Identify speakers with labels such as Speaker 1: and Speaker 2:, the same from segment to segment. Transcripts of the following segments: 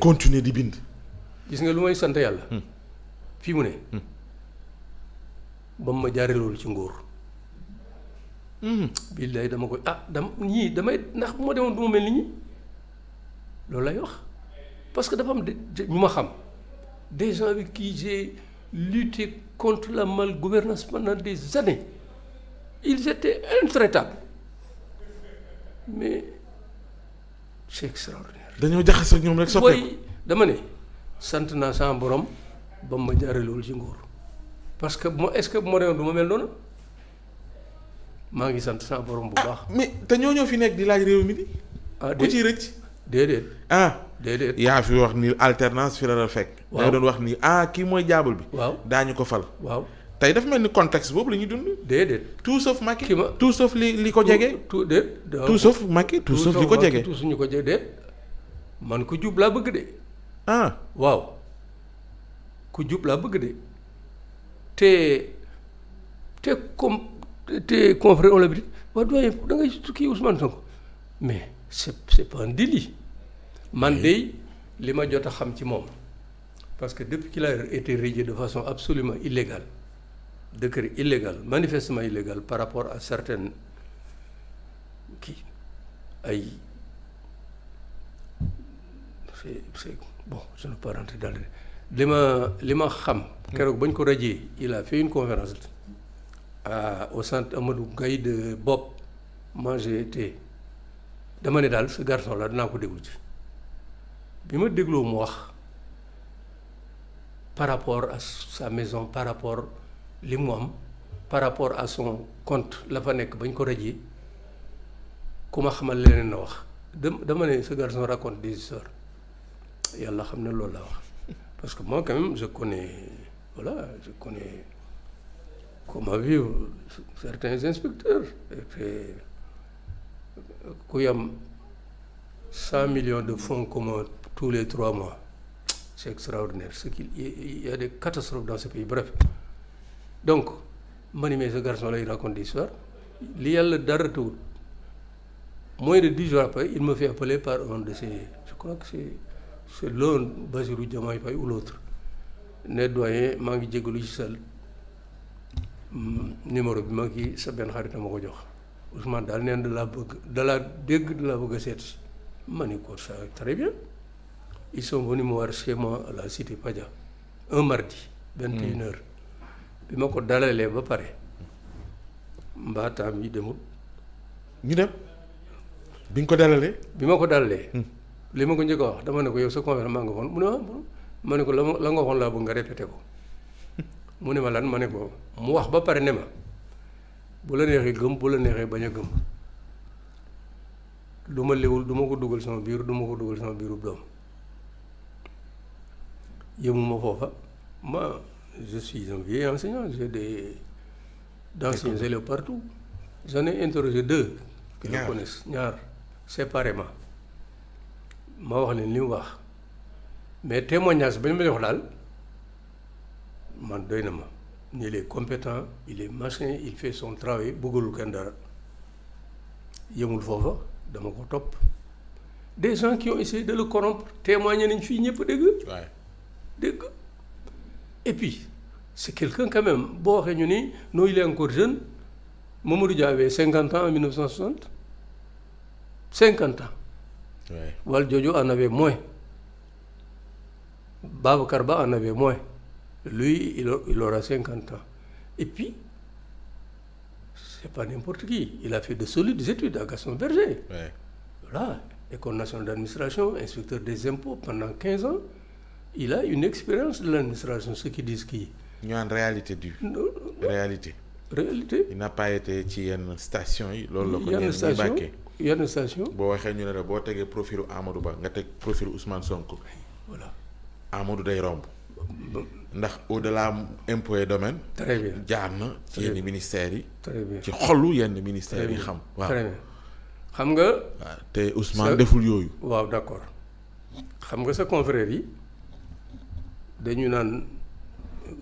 Speaker 1: continuer di bind. gis nga lu may sant yàlla. Hmm. fii mu ne. Hmm. ba mu ma jaaree loolu ci ngóor. Hmm. billaay dama koy ah dam ñii damay ndax bu ma demoon du ma mel ni ñi loolu lay wax parce que dafa am ñu ma xam des gens avec qui j'ai lutté contre la malgouvernance na des années ils étaient intraitables mais
Speaker 2: c'est extraordinaire. dañoo jaxase ak ñoom rek soppeeku
Speaker 1: dama ne sant naa sama borom ba ma jaaree loolu ci nguur parce que mo est-ce que bu ma demoon du ma mel noonu maa ngi sant sama borom bu ah, baax.
Speaker 2: mais te ñoo ñoo fi nekk di laaj réew mi di. ah ku ciy rëcc. déedéet ah. déedéet yaa fi wax nii alternance fi la la fekk. waaw doon wax nii ah kii mooy jaabul bi. waaw daañu ko fal. waaw tey dafa mel ni contexte boobu la ñuy dund. déedéet tout sauf Macky. ki ma tout sauf li li ko jege. tout tout déet. tout sauf Macky tout sauf li ko jege. tout ñu ko jege man ku jub laa bëgg
Speaker 1: de. ah waaw ku jub laa bëgg de te te comme te confrère on l'habitude waa doyen da ngay kii Ousmane Sonko mais c'est c'est pas un délit man de li ma jot a xam ci moom parce que depuis qu'il a été régé de façon absolument illégale décret illégal manifestement illégal par rapport à certaines kii ay. c'est c'est bon je ne li ma li ma xam. keroog bañ ko rajee il a fait une conférence à au centre Amadou Gaye de Bopp moi j'ai dama ne daal ce garçon la danaa ko déglu ci bi ma dégloo mu wax par rapport a sa maison par rapport li mu am par rapport à son compte la fa nekk bañ ko rajee ku ma xamal leneen na wax dama ne ce garçon raconte des histoires yàlla xam ne loolu la wax parce que moi quand je connais voilà je connais comment vivre certains inspecteurs et puis ku am cent millions de fonds communs tous les trois mois c'est extraordinaire ce qu'il y a des dans ce pays bref donc ma ni mais ce garçon là il raconte des histoires li yàlla dara tuut de dix jours après il me fait appeler par un de ses je crois que c'est c'est basiru Bassirou Diomaye Faye ou l'autre ne doyen maa ngi jégalu ci sa numéro bi ma kii sa benn xarit ma ko jox Ousmane daal neen da bëgg da dégg da bëgg a seet ma ni ko ça très bien ils sont venus me voir chez moi à la un mardi. vingt et une bi ma ko dalalee ba pare mbaataam yi demul. ñu
Speaker 2: dem bi nga ko dalalee.
Speaker 1: bi ma ko dalalee. Hmm. li ma ko njëkk a wax dama ne ko yow sa conférence nga woon mu ne ma ne ko la la nga waxoon nga répété ko mu ne ma lan ma ne ko mu wax ba pare ne ma bu la neexee gëm bu la neexee bañ a gëm du ma léwul du ma ko dugal sama biir du ma ko dugal sama biiru doom yëmuma foofa ma je suis un vieil enseignant j'ai des d'anciens élèves partout j'en ai de deux qui le connaissent ñaar séparément ma wax leen li mu wax mais témoignage ba ma jox daal man doy na ma il est compétent il est machin il fait son travail bëggalul kenn dara yëmul foofa dama ko topp des gens qui ont essayé de le corrompre témoigné nañ fii ñëpp dégg dégg et puis c'est quelqu'un boo waxee ñu ni noo il est encore jeune Mamadou Dia avait cinquante ans en 1960 cinquante ans Valdiodio en avait moins. Babacar Ba en avait moins. Lui, il, a, il aura 50 ans. Et puis, c'est pas n'importe qui. Il a fait de solides études à Gaston Berger. Ouais. Voilà, École nationale d'administration, inspecteur des impôts pendant 15 ans. Il a une expérience de l'administration, ce qui disent qui.
Speaker 2: ñu naan réalité du. Non, non. réalité. réalité. il n'a pas été ci yenn station yi. loolu la ko ñenn ñi bàkkee yenn station. boo waxee ñu ne la boo tegee profilu Amadou Ba nga teg profilu Ousmane Sonko. voilà Amadou day romb. ndax au delà impôt et domaine. très bien jaar na ci yenn ministères yi. très ci xolu yenn ministères yi xam. waaw
Speaker 1: xam nga. waaw te Ousmane deful yooyu. waaw d'accord xam nga sa confrère yi dañu naan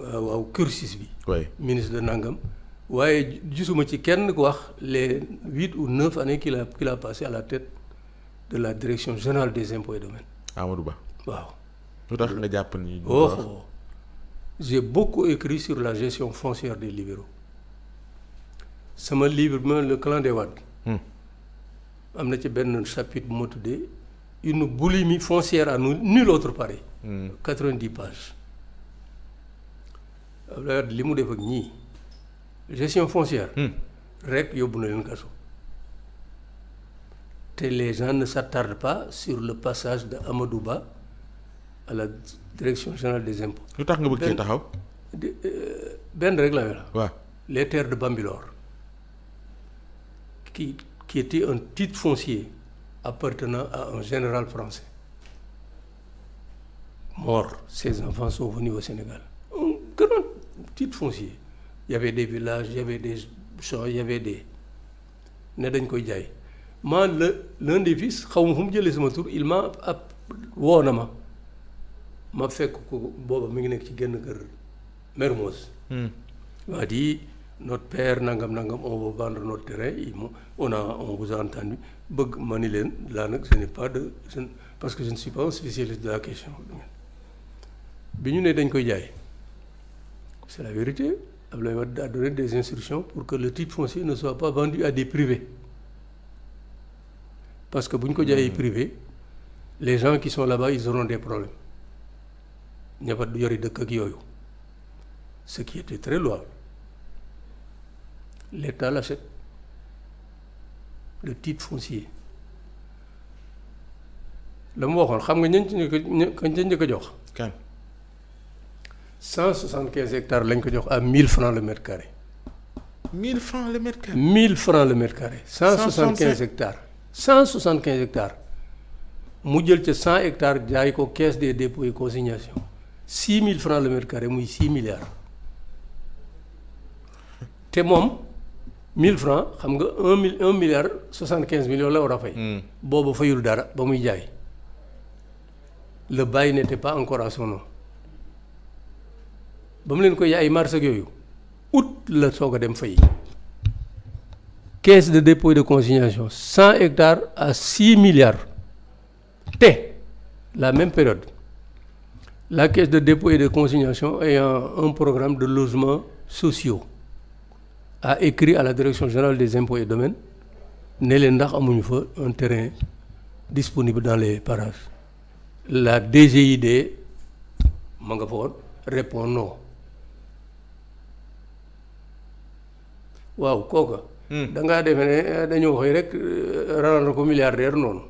Speaker 1: euh, waaw cursus bi. oui ministre de Nangam. waaye gisuma ci kenn ku wax les huit ou neuf années qu'il a qu'il a passé à la tête de la direction générale des impôts de domaines. Amadou Ba
Speaker 2: waaw. lu tax nga jàpp ni. Oh, oh
Speaker 1: j'ai beaucoup la gestion foncière des libéraux sama livre ma le clan des hmm. am na ci benn chapitre bu ma tuddee une boulimie foncière à nul autre pareil. Hmm. 90 pages. Abdoulaye Wade li mu def ak ñii. gestion foncière. Hmm. rek yóbbu na leen kaso. te les gens ne s'attardent pas sur le passage de Amadou Ba à la direction générale des impôts. lu tax nga bëgg cee taxaw. Euh, benn rek la wax. waaw les terres de Bambilor. qui qui était un titre foncier appartenant à un général français. mort ses enfants sont venus au Sénégal un grand titre foncier. y avait des villages y avait des champs y avait des dañ koy jaay ma le l'un des xaw ma fu mu jëlee sama tur il ma ab woo na ma ma fekk ko booba mi ngi nekk ci genn kër Mermoz hmm. m'a dit notre père nangam nangam on va vendre notre terrain on a on vous a bëgg ma ni leen laa nag ce n'est pas de parce que je ne suis pas un spécialiste de la question bi ñu ne dañ koy jaay c'est la vérité Abdoulaye Wade a donné pour que le titre foncier ne soit pas vendu à parce que bu ñu ko jaayee mmh. privé les gens qui sont là-bas ils des problèmes ñabat du yori dëkk ak yooyu ce qui était très loin l'État l'achète le titre foncier la mu waxoon xam nga ñañ ci njëkk a ña a jox. cent soixante quinze hectares lañ ko jox à mille francs le mètre carré.
Speaker 2: mille francs le
Speaker 1: mètre carré. cent soixante quinze hectare cent soixante quinze hectares mu jël ca cent hectares jaay ko caisse des dépôts et consignation six mille francs le mètre carré muy six milliards te moom mille francs xam nga un mille un milliard soixante quinze millions la war a fay. Hmm. boobu fayul dara ba muy jaay. le bail n'était pas encore à son ba mu leen koy ay marché yooyu août la soog a dem fay caisse de dépôt de consignation cent hectares à six milliards te la même période la caisse de dépôt et de consignation ayant un programme de logements sociaux a écrit à la direction générale des impôts et domaines ne leen ndax amuñu fa un terrain disponible dans les parages la DGID ma nga fa répond non waaw kooka. Hmm. da ngaa defe ne eh, dañoo xëy rek eh, rendre ko milliardaire noonu.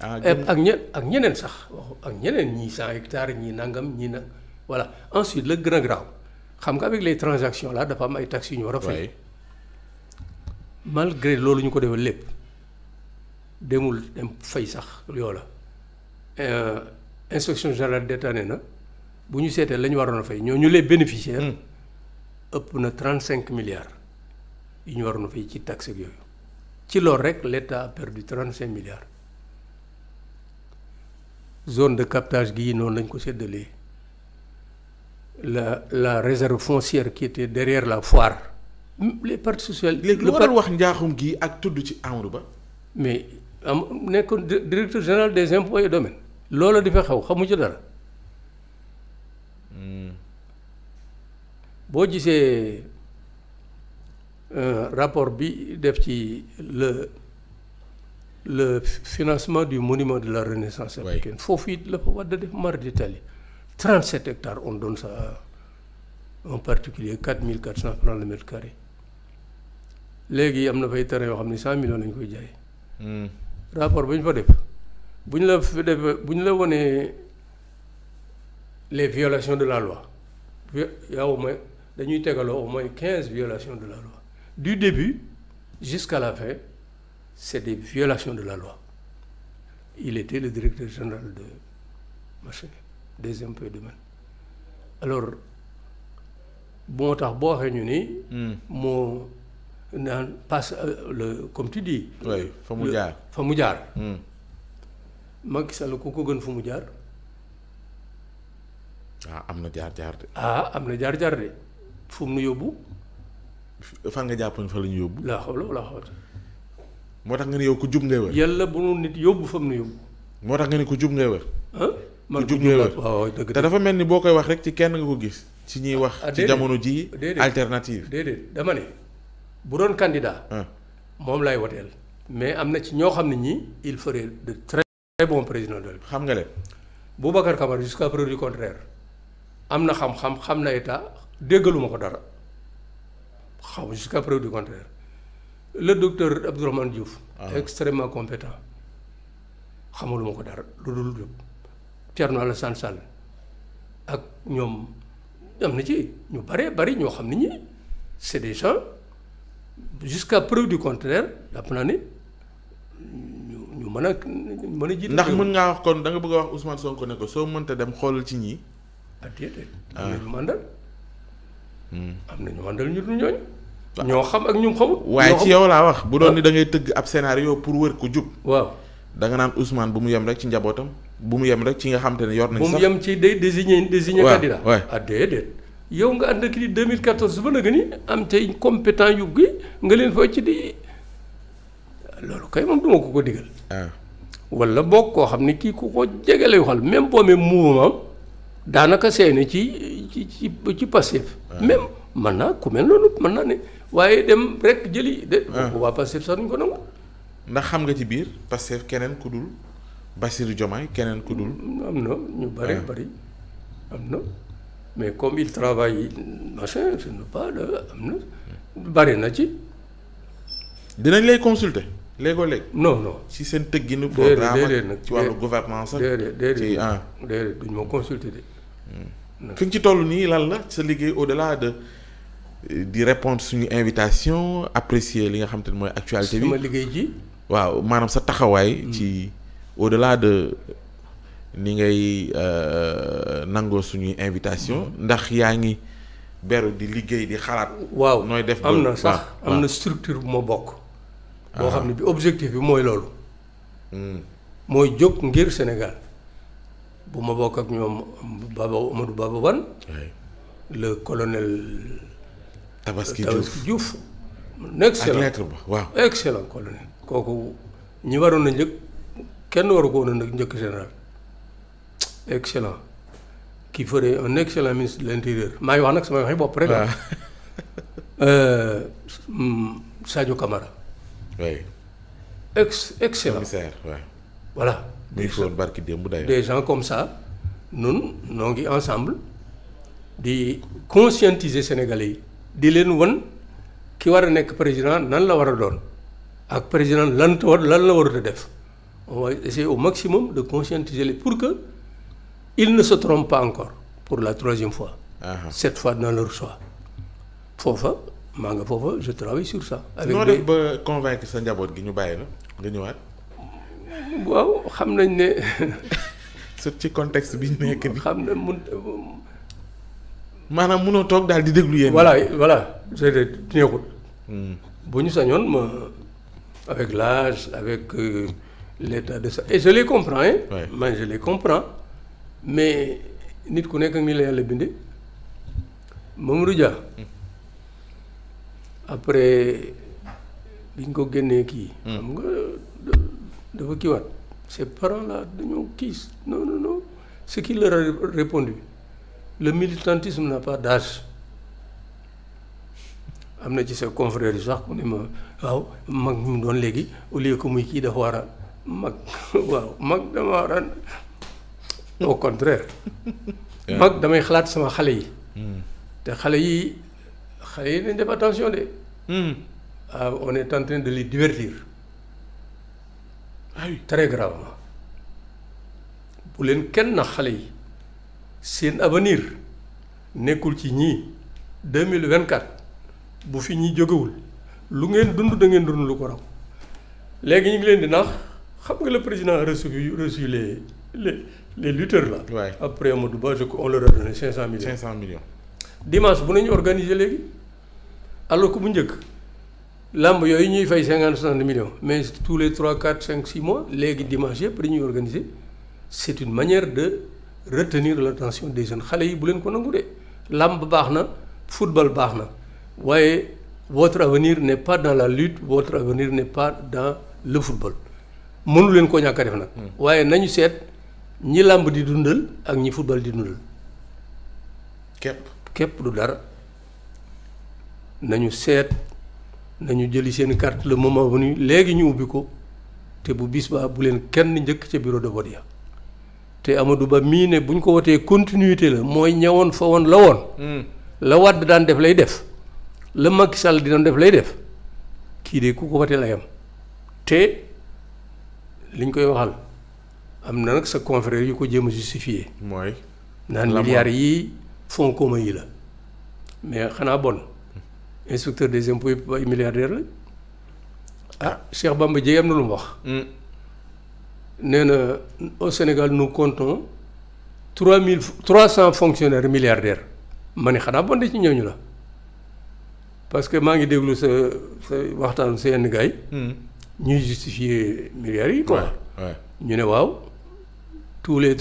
Speaker 1: Ah, eh, ak ñe ak ñeneen sax ak ñeneen ñii cent hectares ñii nangam ñii nag voilà ensuite le grand graw xam nga avec les transactions là dafa am ay taxes yu ñu war a fay. malgré loolu ñu ko defal lépp demul dem fay sax la inspection générale d'État ne na bu ñu seetee la ñu waroon a fay ñoo ñu lee bénéficiaires. Hmm. ëpp na trent cinq milliards yi ñu waroon fay ci taxe yooyu ci loolu rek l' état a perdu trente cinq milliards zone de captage gii noonu lañ ko séddalee la la réserve foncière qui derrière la foire.
Speaker 2: les parties sociale léegi lu waral wax njaaxum gii
Speaker 1: ak tudd ci Amadou Ba. mais am nekkoon directeur général des impôts et domaines. loola di fa xaw xamu ci dara. Hmm. boo gisee euh, rapport bi def ci le le financement du monument de la renaissance africaine foofu it la fa Wade def mar d'Italie 37 hectares on donne ça en particulier 4400 francs le mètre carré léegi am na fay terrain yoo xam ne 100 millions lañ koy jaay hmm. rapport ba ñu fa def bu ñu la fa def bu ñu la wonee les violations de la loi yow dañuy tegaloo au moins quinze violations de la loi du début jusqu'à la fin c'est des violations de la loi il était le directeur général de machin des impôts et domaines alors moo tax boo waxee ñu ni. Hmm. moo naan passe euh, le
Speaker 2: comme tu dis. fa mu jaar fa mu jaar. Hmm.
Speaker 1: Macky Sall ku ko gën fu mu jaar.
Speaker 2: ah am na jaar jaar de.
Speaker 1: ah am na jaar jaar de. fu mu yóbbu.
Speaker 2: fan nga jàpp fa la ñu yóbbu.
Speaker 1: laa xawla la xawla.
Speaker 2: moo tax nga ne yow ku jub ngay wër. yàlla bu nu nit yóbbu fa mu nu yóbbu. moo tax nga ni ku jub ngay wër. man jub ngay wër te dafa mel ni boo koy wax rek ci kenn nga ko gis. ci ñuy ah, wax ah, ci jamono ji alternative
Speaker 1: déedéet dama ne bu doon candidat. Ah. moom lay woteel. mais am na ci ñoo xam ne ñi il ferait de très bon président de xam nga leen. Boubacar Camara jusqu'à preuve du contraire am na xam-xam xam na état déggaluma ko dara xam jusqu'à preuve du contraire le docteur Abdourahmane Diouf ah. extrêmement compétent xamaluma ko dara lu dul jóg Thierno Alassane Sall ak ñoom am na ci ñu bare bari ñoo xam ni ñi c'est des gens jusqu'à preuve du contraire
Speaker 2: jàpp naa ne ñu mën ak mën a jiite ndax mën ngaa wax kon da nga bëgg a wax Ousmane Sonko ne ko soo mënta dem xoolal ci ñii. ah déedéet. ah am na ñu àndal ñu dul ñooñu.
Speaker 1: ñoo xam ak ñu xamul. waaye ci yow laa wax bu doon ni da
Speaker 2: tëgg ab scénario pour wër ko jub. waaw da nga naan Ousmane bu mu yem rek ci njabootam bu mu yem rek ci nga xam ne yor nañ sax
Speaker 1: yem ci day désigné désigné candidat. waaw ah déedéet. yow nga ànd ak ni 2014 ba nag ni am tey compétent yu gi nga leen fa ci di loolu kay moom duma ko ko digal. Ah. wala boog koo xam ni kii ku ko jege lay waxal même boo amee mouvement daanaka seeni ci ci ci ci Pastef ah. même
Speaker 2: mën naa ku mel noonu mën naa ne waaye dem rek jëli de ah. waa Pastef sax duñ ko nangu ndax xam nga ci biir Pastef keneen ku dul Bassirou Diomaye keneen ku dul am na ñu bari ah. bari
Speaker 1: am na mais comme il travaille
Speaker 2: machin je ne pas la am na bari na ci dinañ lay consulter léegoo léeg non non si seen tëgginu programme ci wàllu gouvernement sax déedéet déedéet déedéet duñ ma consulter de Hmm. fi nga ci toll nii lan la sa liggéey au delà de di répondre suñu invitation apprécier li nga xam te mooy actualité bi ma liggéey ji waaw maanaam sa taxawaay hmm. ci au delà de ni ngay euh, nangoo suñuy invitation hmm. ndax yaa ngi beru di liggéey di xalaat waaw nooy def am na sax am na
Speaker 1: structure bu ma bokk boo ah. xam ne bi objectif bi mooy loolu mooy jóg ngir Sénégal bu ma bokk ak ñoom Baba Amadou Baba Wan le colonel
Speaker 2: Tabaski Diouf excellent ak lettre ba waaw
Speaker 1: excellent colonel kooku ñi waroon na njëkk kenn waru ko woon njëkk général excellent qui ferait un excellent ministre de l'intérieur maa ngi wax nag sama waxi bopp rek euh, Sadio Camara oui ex excellent commissaire
Speaker 2: des des
Speaker 1: gens comme ça nun noo ngi ensemble di conscientiser sénégalais yi di leen wan ki war a nekk président lan la war a doon ak président lan war lan la warut a def on va essayer au maximum de conscientiser les pour que ils ne sa trompent pas encore pour la troisième fois. Ah cette fois dans leur choix.
Speaker 2: foofa maa nga foofa je travaille sur ça. noo def ba convaincre sa njaboot gi ñu bàyyi la nga ñëwaat. waaw xam nañ ne. surtout ci contexte bi ñu nekk nii. xam na mun. maanaam munoo toog daal di déglu yéen. voilà voilà c'est neexul. Hmm. bu ñu sañoon ma
Speaker 1: avec l'âge avec euh, l'état de les comprends mais nit ku nekk ni la yàlla bindee Mamadou Dia. Hmm. après biñ ko génnee kii. Hmm. xam nga. dafa kiiwaat ces parents là dañoo kiis non non non a répondu le militantisme n'a pas d'âge am na ci sa confrère yu sax ku ne ma waaw mag mu doon léegi au lieu que muy kii dafa war a mag waaw mag dama war a au contraire mag damay xalaat sama xale yi hmm. te xale yi xale yi dañ def attention de hmm. ah on est en de les divertir très gravement bu leen kenn na xale yi seen avenir nekkul ci ñii 2024 bu fi ñi jógewul lu ngeen dund da ngeen dund lu ko raw léegi ñu ngi leen di nax xam nga le président a reçu reçu les les les lutteurs là. waaye après Amadou Ba je on leur a donné 500 cent 500 millions. dimanche bu nañu organiser léegi alors que bu njëkk. lamb yooyu ñuy fay cinquante soixante millions mais tous les trois quatre cinq six mois léegi dimanche yëpp dañuy organiser c' est une manière de retenir la attention des jeunes xale yi bu leen ko nangu de lamb baax na football baax na waaye votre avenir n' est pas dans la lutte votre avenir n' est pas dans le football mënu leen koo ñàkk a def nag. Hmm. waaye nañu seet ñi làmb di dundal ak ñi football di dundal. képp képp du dara nañu seet. nañu jëli seen carte la moment venu léegi ñu ubbi ko te bu bis baa bu leen kenn njëkk ca bureau de ya te Amadou Ba mii ne bu ñu ko wotee continuité la mooy ñëwoon fa woon la woon. Hmm. la Wade daan def lay def. la Macky Sall di doon def lay def kii de ku ko wotee la yam te liñ koy waxal am na nag sa confrère yu ko jéem a justifié. mooy naan milliards yi fonds communs la mais xanaa bon. inspecteur des impôts yëpp ay milliardaire lañ ah Cheikh Bamba Dièye am na lu mu wax. Hmm. nee na au Sénégal nous comptons trois mille trois cent fonctionnaires milliardaires ma ne xanaa bon de ci ñooñu la parce que maa ngi déglu sa sa waxtaan sa yenn gars yi. Hmm. ñuy justifier milliards yi quoi. ñu ne waaw tous les